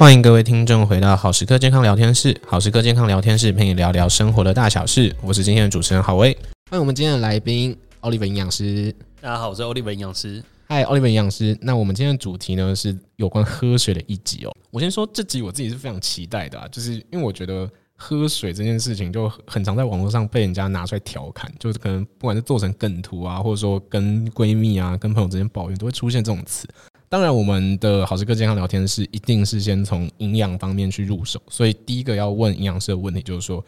歡迎各位聽眾回到好食課健康聊天室。好食課健康聊天室陪你聊聊生活的大小事。我是今天的主持人郝威。歡迎我們今天的來賓 Oliver 營養師。大家好，我是 Oliver 營養師。嗨，Oliver 營養師。那我們今天的主題呢是有關喝水的一集哦、喔。我先說這集我自己是非常期待的、啊，就是因為我覺得喝水這件事情就很常在網絡上被人家拿出來調侃，就是可能不管是做成梗圖啊，或者說跟閨蜜啊、跟朋友之間抱怨，都會出現這種詞。當然，我們的好食課健康聊天室一定是先從營養方面去入手，所以第一個要問營養師的問題就是說，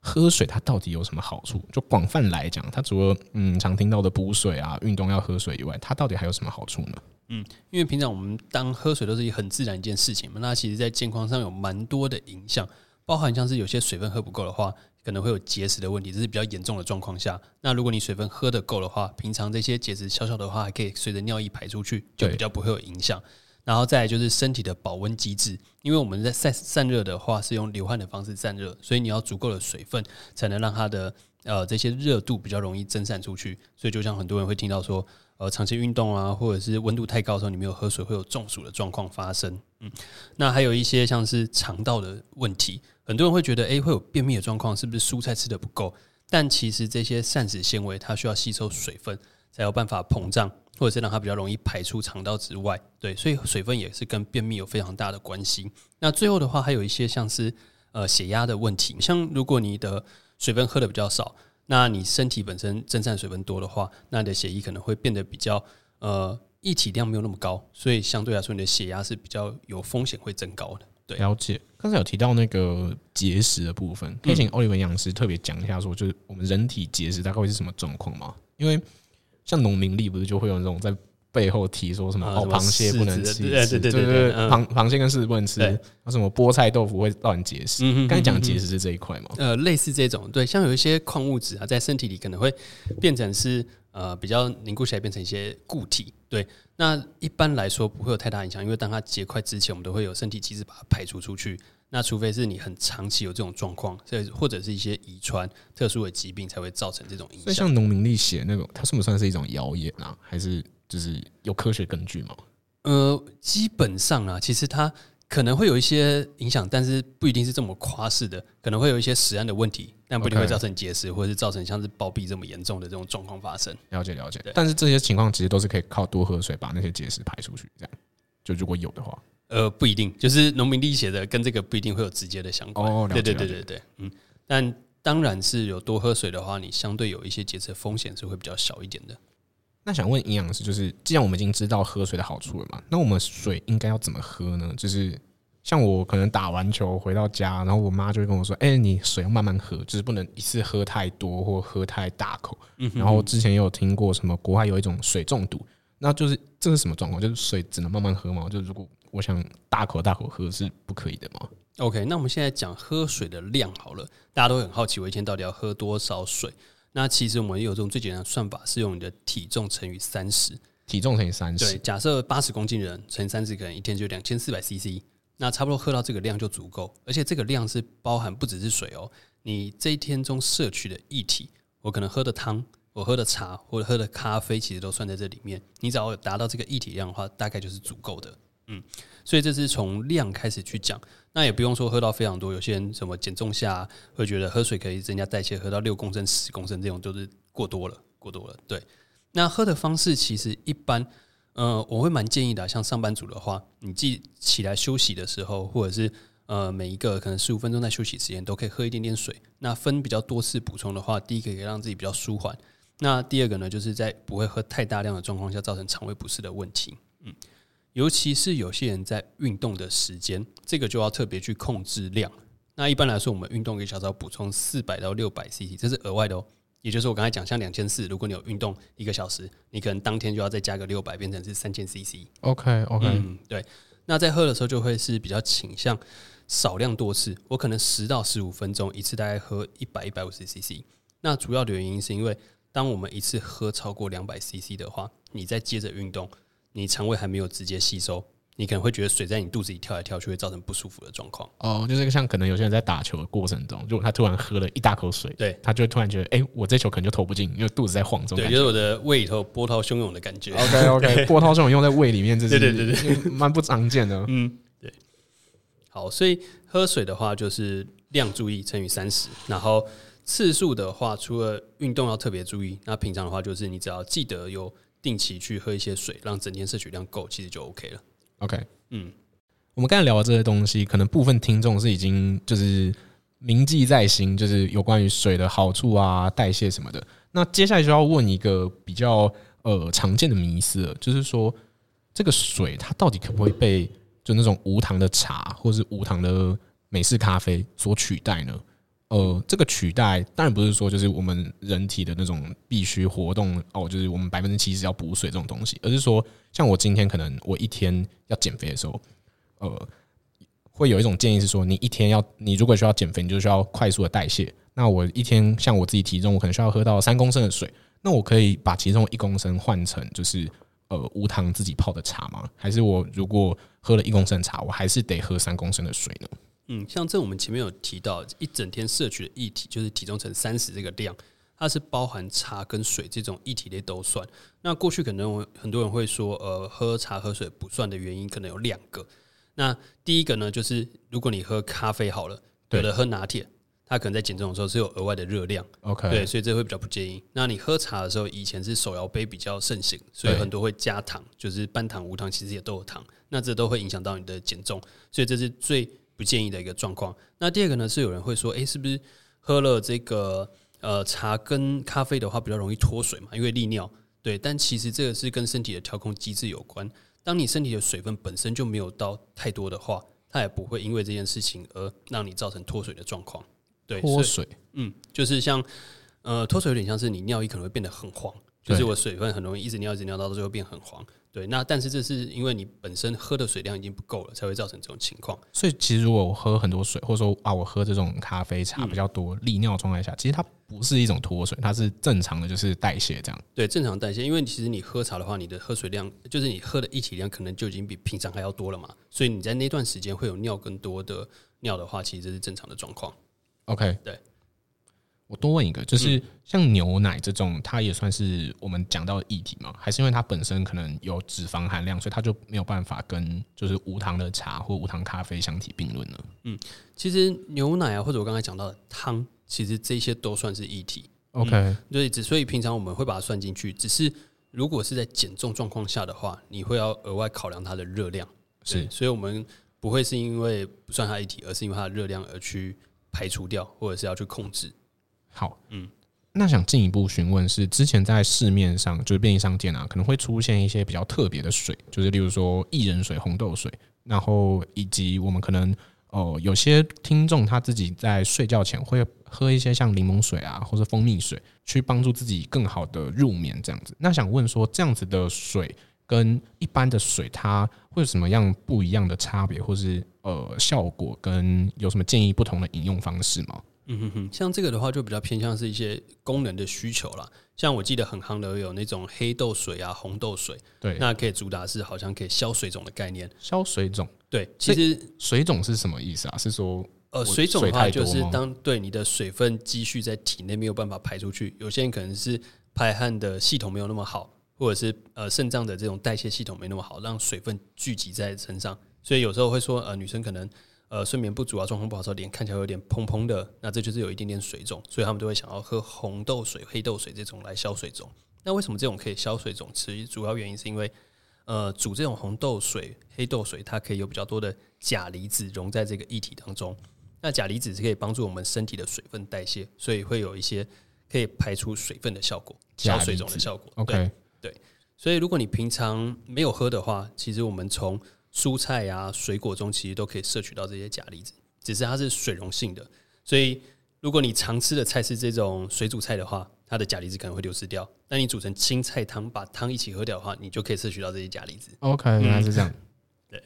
喝水它到底有什麼好處？就廣泛來講，它除了嗯常聽到的補水啊、運動要喝水以外，它到底還有什麼好處呢？嗯，因為平常我們當喝水都是一個很自然一件事情嘛，那其實在健康上有蠻多的影響，包含像是有些水分喝不夠的話。可能會有結石的問題，這是比較嚴重的狀況下。那如果你水分喝得夠的話，平常這些結石小小的話，還可以隨着尿液排出去，就比較不會有影響。然後再來就是身體的保溫機制，因為我們在散散熱的話是用流汗的方式散熱，所以你要足夠的水分，才能讓它的呃這些熱度比較容易蒸散出去。所以就像很多人會聽到說，呃，長期運動啊，或者是溫度太高的時候，你沒有喝水會有中暑的狀況發生。嗯，那還有一些像是腸道的問題，很多人會覺得，誒、欸，會有便秘的狀況，是不是蔬菜吃得不夠？但其實這些膳食纖維它需要吸收水分才有辦法膨脹，或者是讓它比較容易排出腸道之外。對，所以水分也是跟便秘有非常大的關係。那最後的話，還有一些像是呃血壓的問題，像如果你的水分喝得比較少，那你身體本身蒸散水分多的話，那你的血液可能會變得比較呃。液體量沒有那麼高，所以相對來說你的血壓是比較有風險會增高的。對，了解。剛才有提到那個結石的部分，嗯、可以請 Oliver 營養師特別講一下說，說就是我們人體結石大概會是什麼狀況嗎？因為像農民力不是就會有那種在。背後提說什麼哦，螃蟹不能吃。對對對對，螃螃蟹跟柿子不能吃。那什麼菠菜豆腐會亂結石？剛才講結石是這一塊嘛？呃，類似這種，對，像有一些礦物質啊，在身體裡可能會變成是呃比較凝固起來，變成一些固體。對，那一般來說不會有太大影響，因為當它結塊之前，我們都會有身體機制把它排除出去。那除非是你很長期有這種狀況，所以或者是一些遺傳特殊的疾病才會造成這種影響。那像農民曆寫那種，它算不算是一種謠言啊？還是？就是有科學根據嗎？呃，基本上啊，其實它可能會有一些影響，但是不一定是這麼誇式的，可能會有一些食安的問題，但不一定會造成結石，okay. 或者是造成像是暴斃這麼嚴重的這種狀況發生。了解了解，但是這些情況其實都是可以靠多喝水把那些結石排出去，這樣就如果有的話，呃，不一定，就是農民曆寫的跟這個不一定會有直接的相關。哦，對對對對對，嗯，但當然是有多喝水的話，你相對有一些結石的風險是會比較小一點的。那想問營養師，就是既然我們已經知道喝水的好處了嘛，那我們水應該要怎麼喝呢？就是像我可能打完球回到家，然後我媽就會跟我說：“哎、欸，你水要慢慢喝，就是不能一次喝太多或喝太大口。”嗯哼哼，然後之前也有聽過什麼國外有一種水中毒，那就是這是什麼狀況？就是水只能慢慢喝嗎？就如果我想大口大口喝是不可以的嗎？OK，那我們現在講喝水的量好了，大家都很好奇，我一天到底要喝多少水？那其實我們也有這種最簡單的算法，是用你的體重乘以三十，體重乘以三十。對，假設八十公斤的人乘三十個人，一天就兩千四百 cc。那差不多喝到這個量就足夠，而且這個量是包含不只是水哦。你這一天中攝取的液體，我可能喝的湯、我喝的茶或者喝的咖啡，其實都算在這裡面。你只要達到這個液體量的話，大概就是足夠的。嗯，所以這是從量開始去講，那也不用說喝到非常多。有些人什麼減重下啊，會覺得喝水可以增加代謝，喝到六公升、十公升這種就是過多了，過多了。對，那喝的方式其實一般，呃，我會蠻建議的啊，像上班族的話，你自己起來休息的時候，或者是呃每一個可能十五分鐘在休息時間都可以喝一點點水。那分比較多次補充的話，第一個可以讓自己比較舒緩，那第二個呢，就是在不會喝太大量的狀況下造成腸胃不適的問題。嗯。尤其是有些人在運動的時間，這個就要特別去控制量。那一般來說，我們運動一個小時要補充四百到六百 CC，這是額外的哦。也就是我剛才講，像兩千四，如果你有運動一個小時，你可能當天就要再加個六百，變成是三千 CC。OK OK，嗯，對。那在喝的時候就會是比較傾向少量多次，我可能十到十五分鐘一次，大概喝一百一百五十 CC。那主要的原因是因為，當我們一次喝超過兩百 CC 的話，你再接着運動。你腸胃還沒有直接吸收，你可能會覺得水在你肚子裡跳來跳去，會造成不舒服的狀況。哦，就是像可能有些人在打球的過程中，如果他突然喝了一大口水，對，他就突然覺得，哎、欸，我這球可能就投不進，因為肚子在晃感覺。對，就是我的胃裡頭波濤洶湧的感覺。OK OK，對對對對，波濤洶湧用在胃裡面，這是的對對對對，蠻不常見的。嗯，對。好，所以喝水的話就是量注意乘以三十，然後次數的話，除了運動要特別注意，那平常的話就是你只要記得有，定期去喝一些水，讓整天攝取量夠，其實就 OK 了。OK，嗯，我們剛才聊的這些東西，可能部分聽眾是已經就是銘記在心，就是有關於水的好處啊、代謝什麼的。那接下來就要問一個比較呃常見的迷思了，就是說這個水它到底可不可以被就那種無糖的茶或是無糖的美式咖啡所取代呢？呃，這個取代當然不是說就是我們人體的那種必須活動哦，就是我們百分之七十要補水這種東西，而是說像我今天可能我一天要減肥的時候，呃，會有一種建議是說你一天要，你如果需要減肥，你就需要快速的代謝。那我一天像我自己體重，我可能需要喝到三公升的水，那我可以把其中一公升換成就是呃無糖自己泡的茶嗎？還是我如果喝了一公升茶，我還是得喝三公升的水呢？嗯，像這我們前面有提到，一整天攝取的液體就是體重乘三十這個量，它是包含茶跟水這種液體的都算。那過去可能很多人會說，呃，喝茶喝水不算的原因可能有兩個。那第一個呢，就是如果你喝咖啡好了，有的喝拿鐵，它可能在減重的時候是有額外的熱量。OK，對，所以這會比較不建議。那你喝茶的時候，以前是手搖杯比較盛行，所以很多會加糖，就是半糖、無糖其實也都有糖，那這都會影響到你的減重，所以這是最。不建議的一個狀況。那第二個呢，是有人會說，欸，是不是喝了這個呃茶跟咖啡的話，比較容易脫水嘛？因為利尿。對，但其實這個是跟身體的調控機制有關。當你身體的水分本身就沒有到太多的話，它也不會因為這件事情而讓你造成脫水的狀況。對，脫水，嗯，就是像呃脫水有點像是你尿液可能會變得很黃。就是我水分很容易一直尿一直尿，到最後變很黃。對，那但是這是因為你本身喝的水量已經不夠了，才會造成這種情況。所以其實如果我喝很多水，或者說啊，我喝這種咖啡茶比較多，嗯、利尿狀態下，其實它不是一種脫水，它是正常的就是代謝這樣。對，正常代謝，因為其實你喝茶的話，你的喝水量就是你喝的一體量，可能就已經比平常還要多了嘛。所以你在那段時間會有尿更多的尿的話，其實這是正常的狀況。OK，對。我多問一個，就是像牛奶這種，它也算是我們講到的液體嗎？還是因為它本身可能有脂肪含量，所以它就沒有辦法跟就是無糖的茶或無糖咖啡相提並論呢？嗯，其實牛奶啊，或者我剛才講到的湯，其實這些都算是液體。OK，對、嗯、只所以平常我們會把它算進去，只是如果是在減重狀況下的話，你會要額外考量它的熱量。是，所以我們不會是因為不算它液體，而是因為它的熱量而去排除掉，或者是要去控制。好，嗯，那想進一步詢問是之前在市面上，就是便利商店啊，可能會出現一些比較特別的水，就是例如說薏仁水、紅豆水，然後以及我們可能哦、呃，有些聽眾他自己在睡覺前會喝一些像檸檬水啊，或者蜂蜜水，去幫助自己更好的入眠這樣子。那想問說，這樣子的水跟一般的水，它會有什麼樣不一樣的差別，或是呃效果跟有什麼建議不同的飲用方式嗎？嗯哼哼，像這個的話就比較偏向是一些功能的需求了。像我記得很夯的，有那種黑豆水啊、紅豆水，對，那可以主打是好像可以消水腫的概念。消水腫，對，其實水腫是什麼意思啊？是說呃，水腫的話就是當對你的水分積蓄在體內沒有辦法排出去，有些人可能是排汗的系統沒有那麼好，或者是呃腎臟的這種代謝系統沒那麼好，讓水分聚集在身上，所以有時候會說呃，女生可能。呃，睡眠不足啊，狀況不好，臉看起來有點蓬蓬的，那這就是有一點點水腫，所以他們就會想要喝紅豆水、黑豆水這種來消水腫。那為什麼這種可以消水腫？其實主要原因是因為，呃，煮這種紅豆水、黑豆水，它可以有比較多的鉀離子溶在這個液體當中。那鉀離子是可以幫助我們身體的水分代謝，所以會有一些可以排出水分的效果，消水腫的效果。OK，對。所以如果你平常沒有喝的話，其實我們從蔬菜啊，水果中其實都可以攝取到這些鉀離子，只是它是水溶性的。所以，如果你常吃的菜是這種水煮菜的話，它的鉀離子可能會流失掉。那你煮成青菜湯，把湯一起喝掉的話，你就可以攝取到這些鉀離子。OK，嗯、原來是這樣。對。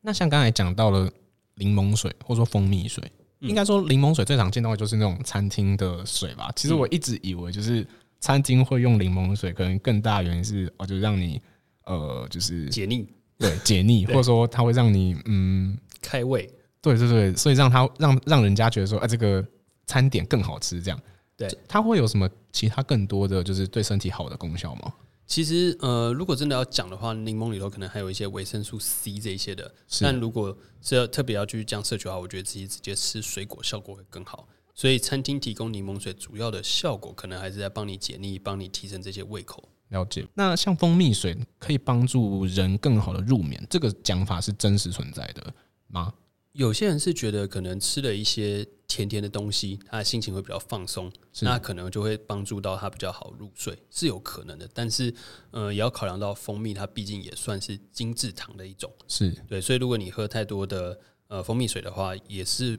那像剛才講到了檸檬水，或者說蜂蜜水，嗯、應該說檸檬水最常見到的就是那種餐廳的水吧？其實我一直以為就是餐廳會用檸檬水，可能更大的原因是哦，就讓你呃，就是解膩。對，解膩，或者說它會讓你嗯，開胃。對對對，所以讓它讓讓人家覺得說，哎、啊，這個餐點更好吃這樣。對，它會有什麼其他更多的就是對身體好的功效嗎？其實呃，如果真的要講的話，檸檬裡頭可能還有一些維生素 C 這一些的。但如果是要特別要去攝取的話，我覺得自己直接吃水果效果會更好。所以餐廳提供檸檬水主要的效果，可能還是在幫你解膩，幫你提升這些胃口。了解，那像蜂蜜水可以幫助人更好的入眠，這個講法是真實存在的嗎？有些人是覺得可能吃了一些甜甜的東西，他的心情會比較放鬆，那可能就會幫助到他比較好入睡，是有可能的。但是，嗯、呃，也要考量到蜂蜜它畢竟也算是精制糖的一種，是對。所以，如果你喝太多的呃蜂蜜水的話，也是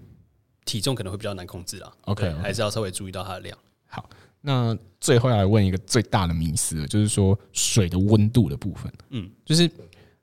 體重可能會比較難控制啦。OK，okay。還是要稍微注意到它的量。好。那最後來問一個最大的迷思，就是說水的溫度的部分。嗯，就是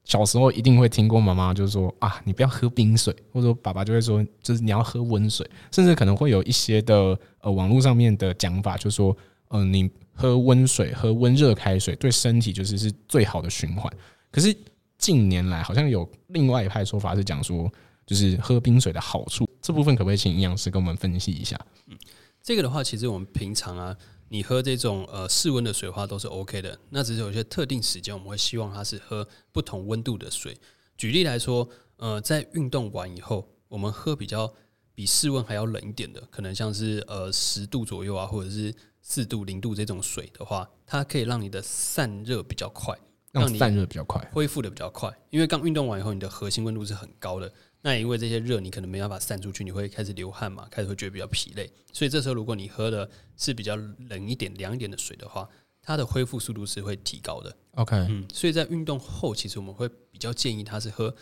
小時候一定會聽過媽媽就是說啊，你不要喝冰水，或者爸爸就會說，就是你要喝溫水，甚至可能會有一些的呃網絡上面的講法，就是說嗯，你喝溫水、喝溫熱開水對身體就是是最好的循環。可是近年來好像有另外一派說法是講說，就是喝冰水的好處，這部分可不可以請營養師跟我們分析一下？嗯。這個的話，其實我們平常啊，你喝這種呃室溫的水的話都是 OK 的。那只是有一些特定時間，我們會希望它是喝不同溫度的水。舉例來說，呃，在運動完以後，我們喝比較比室溫還要冷一點的，可能像是呃十度左右啊，或者是四度、零度這種水的話，它可以讓你的散熱比較快，讓你散熱比較快，恢復的比較快。因為剛運動完以後，你的核心溫度是很高的。那也因為這些熱，你可能沒辦法散出去，你會開始流汗嘛，開始會覺得比較疲累。所以這時候，如果你喝的是比較冷一點、涼一點的水的話，它的恢復速度是會提高的。OK，嗯，所以在運動後，其實我們會比較建議它是喝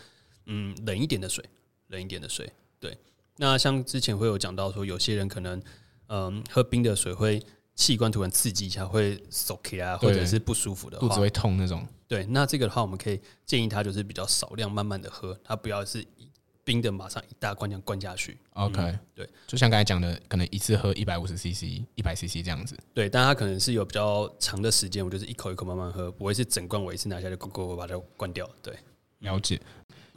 嗯冷一點的水，冷一點的水。對，那像之前會有講到說，有些人可能嗯喝冰的水會器官突然刺激一下，會手 K 啊，或者是不舒服的話，肚子會痛那種。對，那這個的話，我們可以建議它就是比較少量、慢慢的喝，它不要是。冰的馬上一大罐這樣灌下去。OK，嗯，對，就像剛才講的，可能一次喝一百五十 CC、一百 CC 這樣子。對，但他可能是有比較長的時間，我就是一口一口慢慢喝，不會是整罐我一次拿下來就咕咕把它灌掉。對，了解。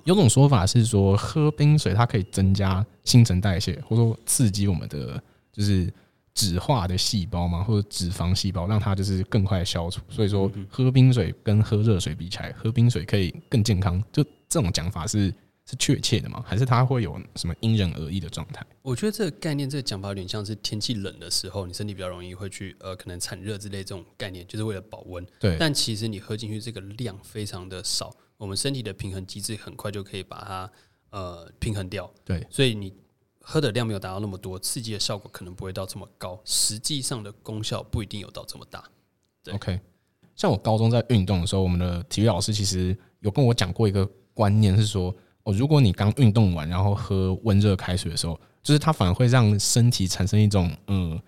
有種說法是說，喝冰水它可以增加新陳代謝，或者說刺激我們的就是脂化的細胞嘛，或者脂肪細胞，讓它就是更快消除。所以說，喝冰水跟喝熱水比起來，喝冰水可以更健康。就這種講法是。是確切的嗎？還是它會有什麼因人而異的狀態？我覺得這個概念，這個講法有點像是天氣冷的時候，你身體比較容易會去呃，可能產熱之類的這種概念，就是為了保溫。對。但其實你喝進去這個量非常的少，我們身體的平衡機制很快就可以把它呃平衡掉。對。所以你喝的量沒有達到那麼多，刺激的效果可能不會到這麼高。實際上的功效不一定有到這麼大。對。OK。像我高中在運動的時候，我們的體育老師其實有跟我講過一個觀念，是說。哦，如果你剛運動完，然後喝溫熱開水的時候，就是它反而會讓身體產生一種嗯，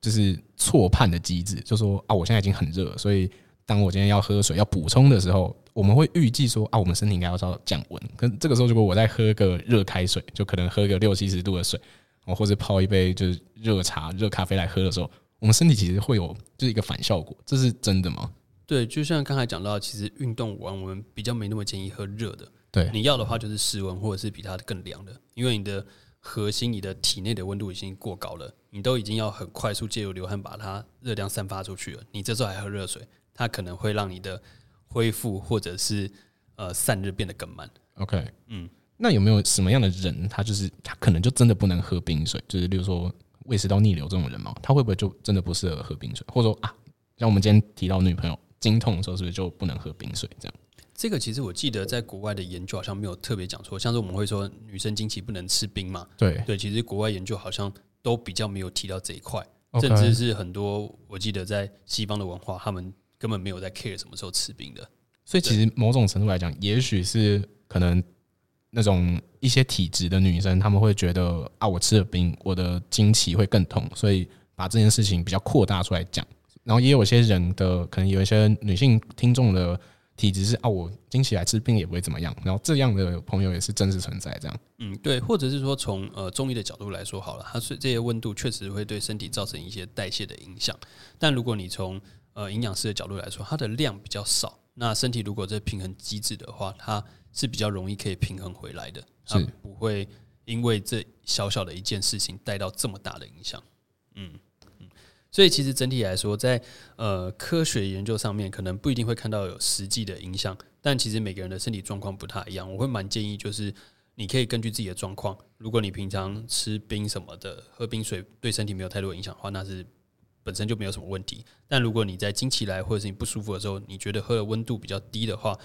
就是錯判的機制，就說啊，我現在已經很熱，所以當我今天要喝水要補充的時候，我們會預計說啊，我們身體應該要稍微降溫。可是這個時候，如果我再喝個熱開水，就可能喝個六七十度的水，或者泡一杯就是熱茶、熱咖啡來喝的時候，我們身體其實會有就是一個反效果，這是真的嗎？對，就像剛才講到，其實運動完我們比較沒那麼建議喝熱的。對，你要的話就是室溫或者是比它更涼的，因為你的核心、你的體內的溫度已經過高了，你都已經要很快速藉由流汗，把它熱量散發出去了。你這時候還喝熱水，它可能會讓你的恢復或者是呃散熱變得更慢。OK，嗯，那有沒有什麼樣的人，他就是他可能就真的不能喝冰水？就是例如說胃食道逆流這種人嘛，他會不會就真的不適合喝冰水？或者說啊，像我們今天提到女朋友經痛的時候，是不是就不能喝冰水這樣？這個其實我記得，在國外的研究好像沒有特別講說，像是我們會說女生經期不能吃冰嘛，對對，其實國外研究好像都比較沒有提到這一塊，甚至是很多我記得在西方的文化，他們根本沒有在 care 什麼時候吃冰的。所以其實某種程度來講，也許是可能那種一些體質的女生，她們會覺得啊，我吃了冰，我的經期會更痛，所以把這件事情比較擴大出來講。然後也有一些人的，可能有一些女性聽眾的。體質是啊，我經起來吃冰也不會怎麼樣，然後這樣的朋友也是真實存在這樣。嗯，對，或者是說從呃中醫的角度來說，好了，它，是這些溫度確實會對身體造成一些代謝的影響，但如果你從呃營養師的角度來說，它的量比較少，那身體如果這平衡機制的話，它是比較容易可以平衡回來的，它不會因為這小小的一件事情帶到這麼大的影響，嗯。所以其實整體來說，在呃科學研究上面，可能不一定會看到有實際的影響。但其實每個人的身體狀況不太一樣，我會蠻建議，就是你可以根據自己的狀況。如果你平常吃冰什麼的，喝冰水對身體沒有太多影響的話，那是本身就沒有什麼問題。但如果你在經期來或者是你不舒服的時候，你覺得喝的溫度比較低的話，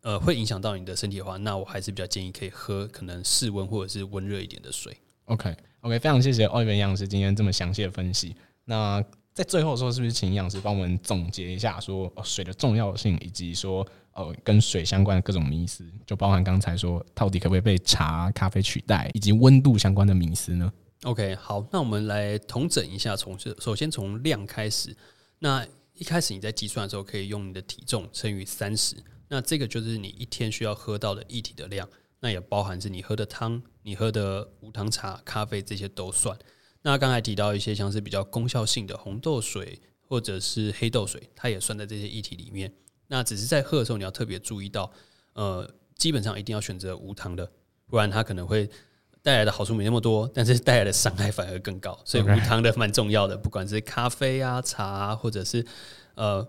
呃，會影響到你的身體的話，那我還是比較建議可以喝可能室溫或者是溫熱一點的水。OK OK，非常謝謝 Oliver 營養師今天這麼詳細的分析。那在最後說，是不是請營養師幫我們總結一下，說水的重要性，以及說呃跟水相關的各種迷思，就包含剛才說，到底可不可以被茶、咖啡取代，以及溫度相關的迷思呢？OK，好，那我們來統整一下，從首先從量開始。那一開始你在計算的時候，可以用你的體重乘以三十，那這個就是你一天需要喝到的液體的量。那也包含是你喝的湯、你喝的無糖茶、咖啡這些都算。那剛才提到一些像是比較功效性的紅豆水或者是黑豆水，它也算在這些液體裡面。那只是在喝的時候，你要特別注意到，呃，基本上一定要選擇無糖的，不然它可能會帶來的好處沒那麼多，但是帶來的傷害反而更高。所以無糖的蠻重要的。okay，不管是咖啡啊、茶啊或者是呃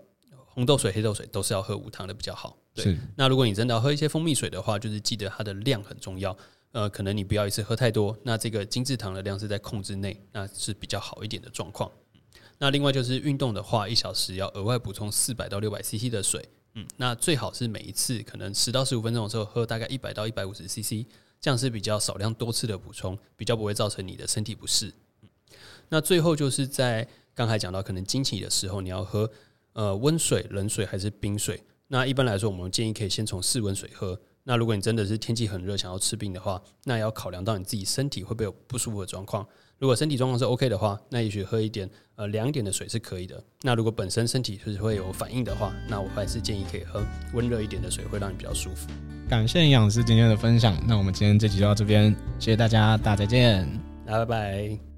紅豆水、黑豆水，都是要喝無糖的比較好。對。那如果你真的要喝一些蜂蜜水的話，就是記得它的量很重要。呃，可能你不要一次喝太多，那這個精制糖的量是在控制內，那是比較好一點的狀況。那另外就是運動的話，一小時要額外補充四百到六百 CC 的水，嗯，那最好是每一次可能十到十五分鐘的時候喝大概一百到一百五十 CC，這樣是比較少量多次的補充，比較不會造成你的身體不適。那最後就是在剛才講到，可能經期的時候你要喝，呃，溫水、冷水還是冰水？那一般來說，我們建議可以先從室溫水喝。那如果你真的是天氣很熱，想要吃冰的話，那也要考量到你自己身體會不會有不舒服的狀況。如果身體狀況是 OK 的話，那也許喝一點呃涼點的水是可以的。那如果本身身體就是會有反應的話，那我還是建議可以喝溫熱一點的水，會讓你比較舒服。感謝營養師今天的分享。那我們今天這集就到這邊，謝謝大家，大家再見，大家拜拜。